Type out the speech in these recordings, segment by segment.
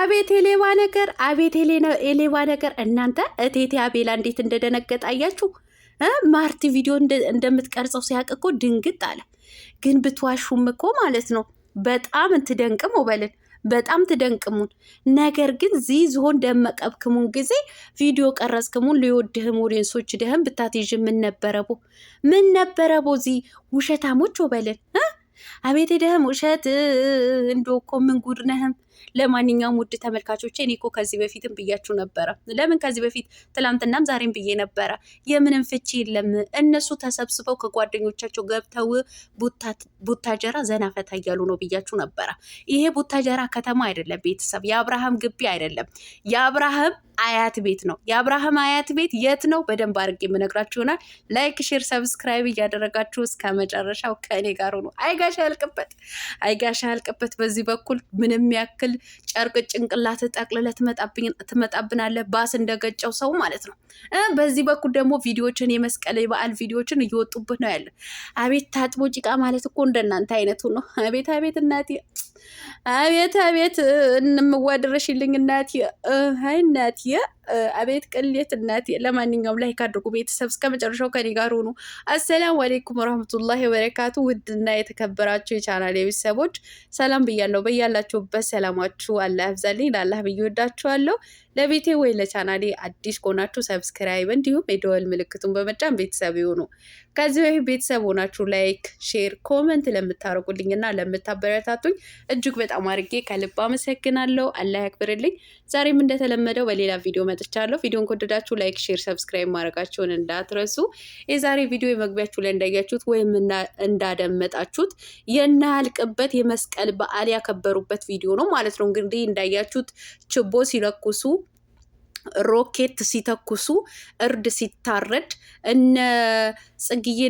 አቤት የሌባ ነገር! አቤት የሌባ ነገር! እናንተ እቴቴ አቤላ እንዴት እንደደነገጠ አያችሁ። ማርቲ ቪዲዮ እንደምትቀርጸው ሲያቅ እኮ ድንግጥ አለ። ግን ብትዋሹም እኮ ማለት ነው በጣም እንትደንቅም ውበልን በጣም ትደንቅሙን። ነገር ግን ዚ ዝሆን ደመቀብክሙን ጊዜ ቪዲዮ ቀረጽክሙን ሊወድህም ኦዲየንሶች ድህም ብታትዥ ምን ነበረቦ ምን ነበረቦ ዚ ውሸታሞች ወበልን አቤት ደህም ውሸት እንዶ እኮ ምን ጉድ ነህም ለማንኛውም ውድ ተመልካቾች እኔ እኮ ከዚህ በፊትም ብያችሁ ነበረ። ለምን ከዚህ በፊት ትላንትናም ዛሬም ብዬ ነበረ፣ የምንም ፍቺ የለም። እነሱ ተሰብስበው ከጓደኞቻቸው ገብተው ቡታጀራ ዘና ፈታ እያሉ ነው ብያችሁ ነበረ። ይሄ ቡታጀራ ከተማ አይደለም ቤተሰብ፣ የአብርሃም ግቢ አይደለም፣ የአብርሃም አያት ቤት ነው። የአብርሃም አያት ቤት የት ነው? በደንብ አድርጌ የምነግራችሁ ይሆናል። ላይክ፣ ሼር፣ ሰብስክራይብ እያደረጋችሁ እስከ መጨረሻው ከእኔ ጋር ሆኖ አይጋሻ ያልቅበት፣ አይጋሻ ያልቅበት። በዚህ በኩል ምንም ያክል ስትል ጨርቅ ጭንቅላት ጠቅልለ ትመጣብናለ ባስ እንደገጨው ሰው ማለት ነው። በዚህ በኩል ደግሞ ቪዲዮችን የመስቀል የበዓል ቪዲዮችን እየወጡብህ ነው ያለ። አቤት ታጥቦ ጭቃ ማለት እኮ እንደናንተ አይነቱ ነው። አቤት አቤት እናቴ አቤት አቤት እንምዋድረሽልኝ እናቴ ሀይ እናቴ አቤት ቅሌት እናቴ። ለማንኛውም ላይክ አድርጉ ቤተሰብ እስከ መጨረሻው ከኔ ጋር ሆኑ። አሰላሙ አሌይኩም ወረህመቱላሂ ወበረካቱ። ውድና የተከበራችሁ የቻናል የቤተሰቦች ሰላም ብያለሁ። በያላችሁበት ሰላማችሁ አላህ ያብዛልኝ። ለአላህ ብዬ ወዳችኋለሁ። ለቤቴ ወይ ለቻናሌ አዲስ ከሆናችሁ ሰብስክራይብ፣ እንዲሁም የደወል ምልክቱን በመጫን ቤተሰብ ይሁኑ። ከዚህ በፊት ቤተሰብ ሆናችሁ ላይክ፣ ሼር፣ ኮመንት ለምታደርጉልኝና ለምታበረታቱኝ እጅግ በጣም አድርጌ ከልብ አመሰግናለሁ። አላህ ያክብርልኝ። ዛሬም እንደተለመደው በሌላ ቪዲዮ መጥቻለሁ። ቪዲዮን ከወደዳችሁ ላይክ፣ ሼር፣ ሰብስክራይብ ማድረጋችሁን እንዳትረሱ። የዛሬ ቪዲዮ የመግቢያችሁ ላይ እንዳያችሁት ወይም እንዳደመጣችሁት የናያልቅበት የመስቀል በዓል ያከበሩበት ቪዲዮ ነው ማለት ነው። እንግዲህ እንዳያችሁት ችቦ ሲለኩሱ ሮኬት ሲተኩሱ፣ እርድ ሲታረድ እነ ጽጌዬ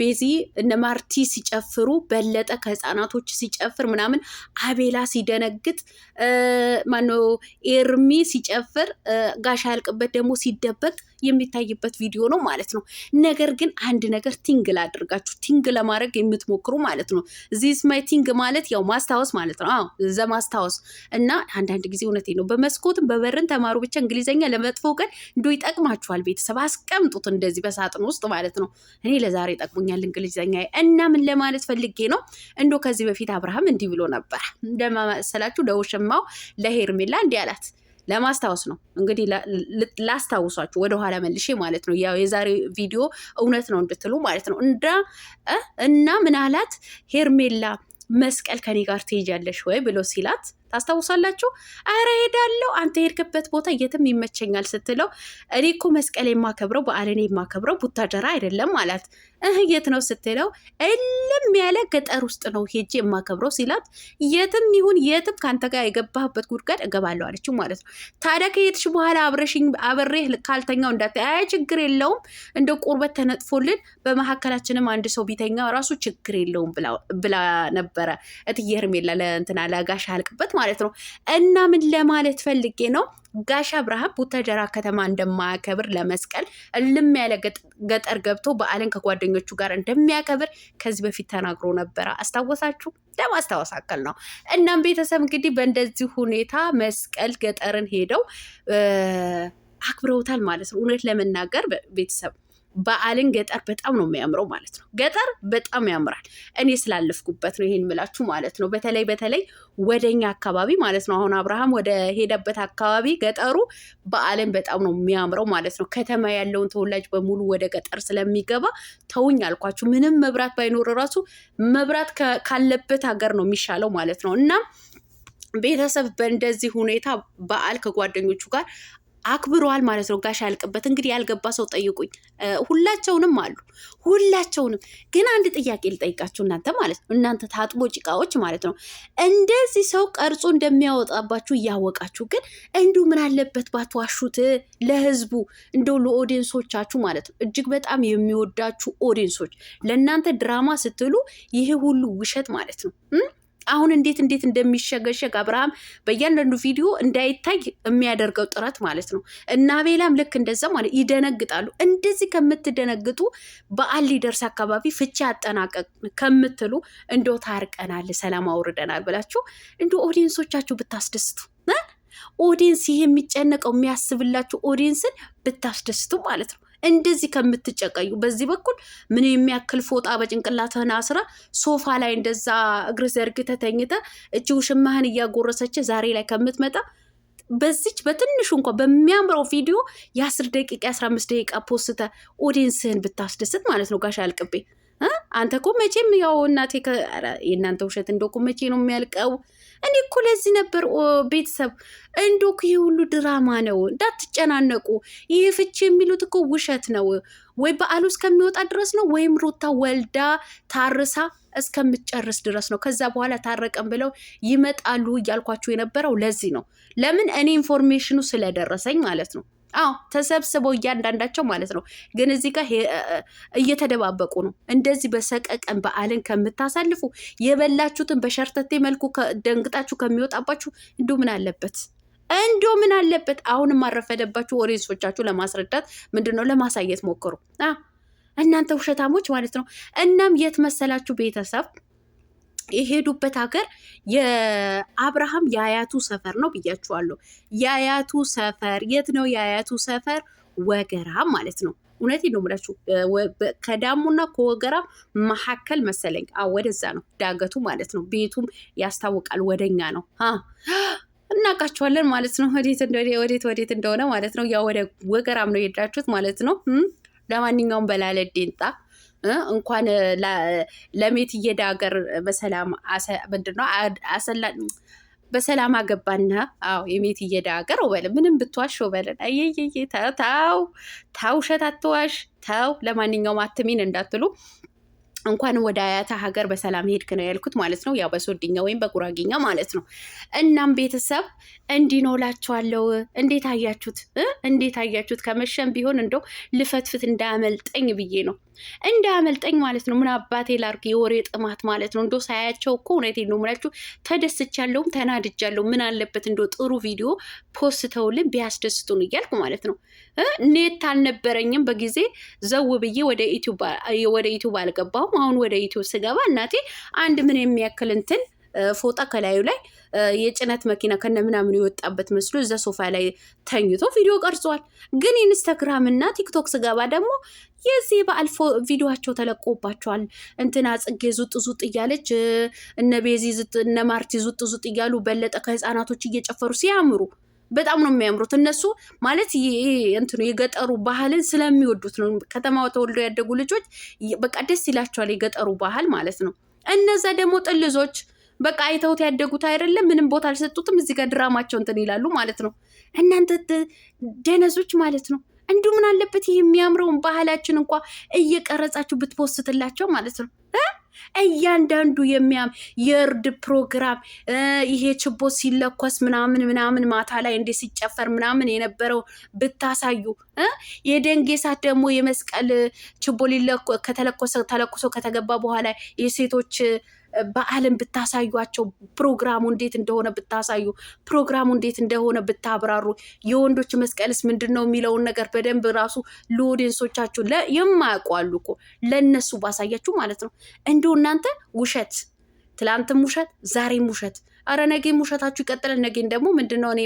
ቤዚ እነ ማርቲ ሲጨፍሩ በለጠ ከህፃናቶች ሲጨፍር ምናምን አቤላ ሲደነግጥ ማኖ ኤርሚ ሲጨፍር ጋሻ ያልቅበት ደግሞ ሲደበቅ የሚታይበት ቪዲዮ ነው ማለት ነው። ነገር ግን አንድ ነገር ቲንግ ላድርጋችሁ ቲንግ ለማድረግ የምትሞክሩ ማለት ነው። ዚስ ማይ ቲንግ ማለት ያው ማስታወስ ማለት ነው። አዎ ዘ ማስታወስ እና አንዳንድ ጊዜ እውነቴ ነው። በመስኮትም በበርን ተማሩ ብቻ እንግሊዘኛ ለመጥፎ ቀን እንዶ ይጠቅማችኋል። ቤተሰብ አስቀምጡት እንደዚህ በሳጥን ውስጥ ማለት ነው። እኔ ለዛሬ ጠቅሞኛል እንግሊዝኛ። እና ምን ለማለት ፈልጌ ነው እንዶ ከዚህ በፊት አብርሃም እንዲህ ብሎ ነበር እንደማመሰላችሁ ለውሽማው ለሄርሜላ እንዲህ አላት። ለማስታወስ ነው እንግዲህ ላስታውሷችሁ፣ ወደኋላ መልሼ ማለት ነው። ያው የዛሬ ቪዲዮ እውነት ነው እንድትሉ ማለት ነው። እንዳ እና ምን አላት ሄርሜላ መስቀል ከኔ ጋር ትሄጃለሽ ወይ ብሎ ሲላት ታስታውሳላችሁ? አረ ሄዳለሁ፣ አንተ ሄድክበት ቦታ የትም ይመቸኛል ስትለው እኔ እኮ መስቀል የማከብረው በዓልን የማከብረው ቡታጀራ አይደለም አላት። እህ የት ነው ስትለው እልም ያለ ገጠር ውስጥ ነው ሄጄ የማከብረው ሲላት የትም ይሁን የትም ከአንተ ጋር የገባህበት ጉድጋድ እገባለሁ አለችው ማለት ነው። ታዲያ ከየትሽ በኋላ አብረሽኝ አብሬህ ካልተኛው እንዳታይ። አይ ችግር የለውም እንደ ቁርበት ተነጥፎልን በመካከላችንም አንድ ሰው ቢተኛ ራሱ ችግር የለውም ብላ ነበረ እትዬ ሄርሜላ ለእንትና ለጋሽ አልቅበት ማለት ነው። እና ምን ለማለት ፈልጌ ነው ጋሽ አብርሃም ቡታጀራ ከተማ እንደማያከብር ለመስቀል እልም ያለ ገጠር ገብቶ በዓልን ከጓደኞቹ ጋር እንደሚያከብር ከዚህ በፊት ተናግሮ ነበረ። አስታወሳችሁ? ለማስታወስ አካል ነው። እናም ቤተሰብ እንግዲህ በእንደዚህ ሁኔታ መስቀል ገጠርን ሄደው አክብረውታል ማለት ነው። እውነት ለመናገር ቤተሰብ በዓልን ገጠር በጣም ነው የሚያምረው ማለት ነው። ገጠር በጣም ያምራል። እኔ ስላለፍኩበት ነው ይሄን ምላችሁ ማለት ነው። በተለይ በተለይ ወደኛ አካባቢ ማለት ነው። አሁን አብርሃም ወደ ሄደበት አካባቢ ገጠሩ በዓልን በጣም ነው የሚያምረው ማለት ነው። ከተማ ያለውን ተወላጅ በሙሉ ወደ ገጠር ስለሚገባ ተውኝ አልኳችሁ። ምንም መብራት ባይኖር ራሱ መብራት ካለበት ሀገር ነው የሚሻለው ማለት ነው እና ቤተሰብ በእንደዚህ ሁኔታ በዓል ከጓደኞቹ ጋር አክብረዋል ማለት ነው። ጋሽ ያልቅበት እንግዲህ ያልገባ ሰው ጠይቁኝ። ሁላቸውንም አሉ ሁላቸውንም። ግን አንድ ጥያቄ ልጠይቃችሁ እናንተ ማለት ነው እናንተ ታጥቦ ጭቃዎች ማለት ነው እንደዚህ ሰው ቀርጾ እንደሚያወጣባችሁ እያወቃችሁ ግን እንዲሁ ምን አለበት ባትዋሹት ለህዝቡ እንደው ለኦዲየንሶቻችሁ ማለት ነው እጅግ በጣም የሚወዳችሁ ኦዲየንሶች ለእናንተ ድራማ ስትሉ ይሄ ሁሉ ውሸት ማለት ነው አሁን እንዴት እንዴት እንደሚሸገሸግ አብርሃም በእያንዳንዱ ቪዲዮ እንዳይታይ የሚያደርገው ጥረት ማለት ነው እና ቤላም ልክ እንደዛ ማለት ይደነግጣሉ። እንደዚህ ከምትደነግጡ በዓል ሊደርስ አካባቢ ፍቺ አጠናቀቅ ከምትሉ እንደ ታርቀናል፣ ሰላም አውርደናል ብላችሁ እንደ ኦዲየንሶቻችሁ ብታስደስቱ ኦዲየንስ ይሄ የሚጨነቀው የሚያስብላችሁ ኦዲየንስን ብታስደስቱ ማለት ነው። እንደዚህ ከምትጨቀዩ በዚህ በኩል ምን የሚያክል ፎጣ በጭንቅላትህን አስራ ሶፋ ላይ እንደዛ እግር ዘርግተህ ተኝተህ እጅ ውሽማህን እያጎረሰች ዛሬ ላይ ከምትመጣ በዚች በትንሹ እንኳ በሚያምረው ቪዲዮ የአስር ደቂቃ የአስራ አምስት ደቂቃ ፖስተ ኦዲንስህን ብታስደስት ማለት ነው ጋሽ አልቅቤ አንተ እኮ መቼም ያው እናቴ የእናንተ ውሸት እንደው እኮ መቼ ነው የሚያልቀው? እኔ እኮ ለዚህ ነበር ቤተሰብ እንደው እኮ ይህ ሁሉ ድራማ ነው፣ እንዳትጨናነቁ። ይህ ፍቺ የሚሉት እኮ ውሸት ነው። ወይ በዓሉ እስከሚወጣ ድረስ ነው ወይም ሩታ ወልዳ ታርሳ እስከምትጨርስ ድረስ ነው። ከዛ በኋላ ታረቀን ብለው ይመጣሉ እያልኳችሁ የነበረው ለዚህ ነው። ለምን እኔ ኢንፎርሜሽኑ ስለደረሰኝ ማለት ነው። አዎ ተሰብስበው እያንዳንዳቸው ማለት ነው። ግን እዚህ ጋር እየተደባበቁ ነው። እንደዚህ በሰቀቀን በዓልን ከምታሳልፉ የበላችሁትን በሸርተቴ መልኩ ደንግጣችሁ ከሚወጣባችሁ እንዲሁ ምን አለበት እንዶ ምን አለበት? አሁንም አረፈደባችሁ። ኦዲየንሶቻችሁ ለማስረዳት ምንድን ነው ለማሳየት ሞክሩ። እናንተ ውሸታሞች ማለት ነው። እናም የት መሰላችሁ ቤተሰብ የሄዱበት ሀገር የአብርሃም የአያቱ ሰፈር ነው ብያችኋለሁ። የአያቱ ሰፈር የት ነው? የአያቱ ሰፈር ወገራም ማለት ነው። እውነት ነው የምላችሁ ከዳሙና ከወገራ መካከል መሰለኝ። አዎ ወደዛ ነው ዳገቱ ማለት ነው። ቤቱም ያስታውቃል። ወደኛ ነው እናውቃቸዋለን ማለት ነው። ወዴት ወዴት ወዴት እንደሆነ ማለት ነው። ያ ወደ ወገራም ነው የሄዳችሁት ማለት ነው። ለማንኛውም በላለ ዴንጣ እንኳን ለሜት እየዳ ሀገር በሰላም ምንድን አሰላ በሰላም አገባና አዎ የሜት እየዳ ሀገር ምንም ብትዋሽ ወበለን አየየየ ተው ተው ውሸት አትዋሽ ተው። ለማንኛውም አትሚን እንዳትሉ እንኳን ወደ አያታ ሀገር በሰላም ሄድክ ነው ያልኩት ማለት ነው። ያው በሶድኛ ወይም በጉራጌኛ ማለት ነው። እናም ቤተሰብ እንዲኖላችኋለው። እንዴት አያችሁት? እንዴት አያችሁት? ከመሸም ቢሆን እንደው ልፈትፍት እንዳያመልጠኝ ብዬ ነው እንዳያመልጠኝ ማለት ነው። ምን አባቴ ላርግ የወሬ ጥማት ማለት ነው። እንደው ሳያቸው እኮ እውነቴን ነው የምላችሁ ተደስቻለሁም ተናድጃለሁም። ምን አለበት እንደው ጥሩ ቪዲዮ ፖስተውልን ቢያስደስቱን እያልኩ ማለት ነው። ኔት አልነበረኝም በጊዜ ዘው ብዬ ወደ ዩቱብ አልገባሁም አሁን ወደ ዩቲዩብ ስገባ እናቴ አንድ ምን የሚያክል እንትን ፎጣ ከላዩ ላይ የጭነት መኪና ከነ ምናምን የወጣበት መስሎ እዛ ሶፋ ላይ ተኝቶ ቪዲዮ ቀርጿል። ግን ኢንስታግራም እና ቲክቶክ ስገባ ደግሞ የዚህ በዓል ቪዲዮቸው ተለቆባቸዋል። እንትና ጽጌ ዙጥ ዙጥ እያለች እነ ቤዚ ዝጥ እነ ማርቲ ዙጥ ዙጥ እያሉ በለጠ ከህፃናቶች እየጨፈሩ ሲያምሩ በጣም ነው የሚያምሩት እነሱ ማለት እንትኑ የገጠሩ ባህልን ስለሚወዱት ነው። ከተማ ተወልደው ያደጉ ልጆች በቃ ደስ ይላቸዋል የገጠሩ ባህል ማለት ነው። እነዛ ደግሞ ጥልዞች በቃ አይተውት ያደጉት አይደለም፣ ምንም ቦታ አልሰጡትም። እዚህ ጋር ድራማቸው እንትን ይላሉ ማለት ነው። እናንተ ደነዞች ማለት ነው። እንዲሁ ምን አለበት ይህ የሚያምረውን ባህላችን እንኳ እየቀረጻችሁ ብትፖስትላቸው ማለት ነው። እያንዳንዱ የሚያም የእርድ ፕሮግራም ይሄ ችቦ ሲለኮስ ምናምን ምናምን ማታ ላይ እንዴ ሲጨፈር ምናምን የነበረው ብታሳዩ የደንጌ ሳት ደግሞ የመስቀል ችቦ ከተለኮሰ ተለኩሶ ከተገባ በኋላ የሴቶች በዓለም ብታሳዩቸው ፕሮግራሙ እንዴት እንደሆነ ብታሳዩ፣ ፕሮግራሙ እንዴት እንደሆነ ብታብራሩ፣ የወንዶች መስቀልስ ምንድን ነው የሚለውን ነገር በደንብ ራሱ ለኦዲየንሶቻችሁ የማያውቁ ኮ እኮ ለእነሱ ባሳያችሁ ማለት ነው። እንዲሁ እናንተ ውሸት፣ ትላንትም ውሸት፣ ዛሬም ውሸት፣ አረ ነገም ውሸታችሁ ይቀጥላል። ነገን ደግሞ ምንድነው ነው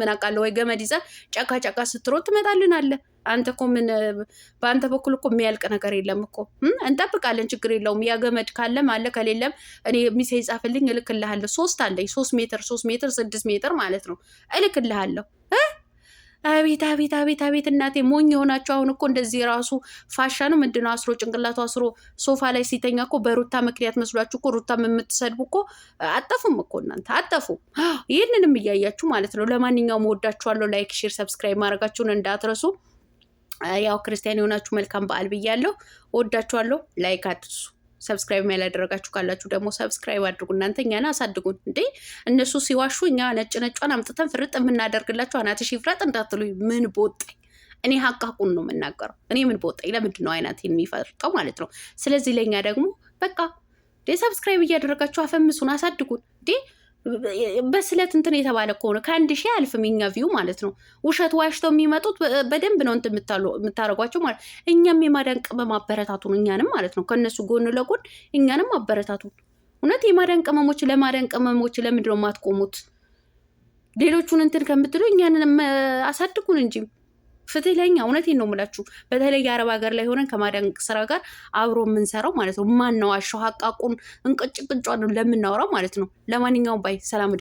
ምን አውቃለሁ ወይ ገመድ ይዘህ ጫካ ጫካ ስትሮጥ ትመጣልን አለ አንተ እኮ ምን በአንተ በኩል እኮ የሚያልቅ ነገር የለም እኮ እንጠብቃለን። ችግር የለውም። ያገመድ ካለም አለ ከሌለም እኔ ሚሴ ይጻፍልኝ እልክልሃለሁ። ሶስት አለኝ ሶስት ሜትር ሶስት ሜትር ስድስት ሜትር ማለት ነው እልክልሃለሁ። አቤት አቤት አቤት አቤት እናቴ ሞኝ የሆናቸው አሁን እኮ እንደዚህ ራሱ ፋሻ ነው ምንድነው? አስሮ ጭንቅላቱ አስሮ ሶፋ ላይ ሲተኛ እኮ በሩታ ምክንያት መስሏችሁ እኮ ሩታ የምትሰድቡ እኮ አጠፉም እኮ እናንተ አጠፉ። ይህንንም እያያችሁ ማለት ነው። ለማንኛውም ወዳችኋለሁ። ላይክ፣ ሼር፣ ሰብስክራይብ ማድረጋችሁን እንዳትረሱ። ያው ክርስቲያን የሆናችሁ መልካም በዓል ብያለሁ። ወዳችኋለሁ። ላይክ አትርሱ። ሰብስክራይብ ያላደረጋችሁ ካላችሁ ደግሞ ሰብስክራይብ አድርጉ። እናንተ እኛን አሳድጉን እንዴ! እነሱ ሲዋሹ እኛ ነጭ ነጯን አምጥተን ፍርጥ የምናደርግላችሁ አናትሽ ይፍረጥ እንዳትሉ ምን ቦጠኝ። እኔ ሀቃቁን ነው የምናገረው። እኔ ምን ቦጠኝ? ለምንድን ነው አይናት የሚፈርጠው ማለት ነው። ስለዚህ ለእኛ ደግሞ በቃ ሰብስክራይብ እያደረጋችሁ አፈምሱን፣ አሳድጉን እንዴ! በስለት እንትን የተባለ ከሆነ ከአንድ ሺህ አልፍም የኛ ቪው ማለት ነው። ውሸት ዋሽተው የሚመጡት በደንብ ነው እንትን የምታደርጓቸው ማለት እኛም የማዳን ቅመም አበረታቱን፣ እኛንም ማለት ነው። ከእነሱ ጎን ለጎን እኛንም አበረታቱ። እውነት የማዳን ቅመሞች ለማዳን ቅመሞች ለምንድን ማትቆሙት የማትቆሙት? ሌሎቹን እንትን ከምትሉ እኛንን አሳድጉን እንጂ ፍትህለኛ እውነት እውነቴን ነው የምላችሁ። በተለይ የአረብ ሀገር ላይ ሆነን ከማዳን ስራ ጋር አብሮ የምንሰራው ማለት ነው። ማን ነው አሸው ሀቃቁን እንቅጭቅጫ ለምናወራው ማለት ነው። ለማንኛውም ባይ ሰላም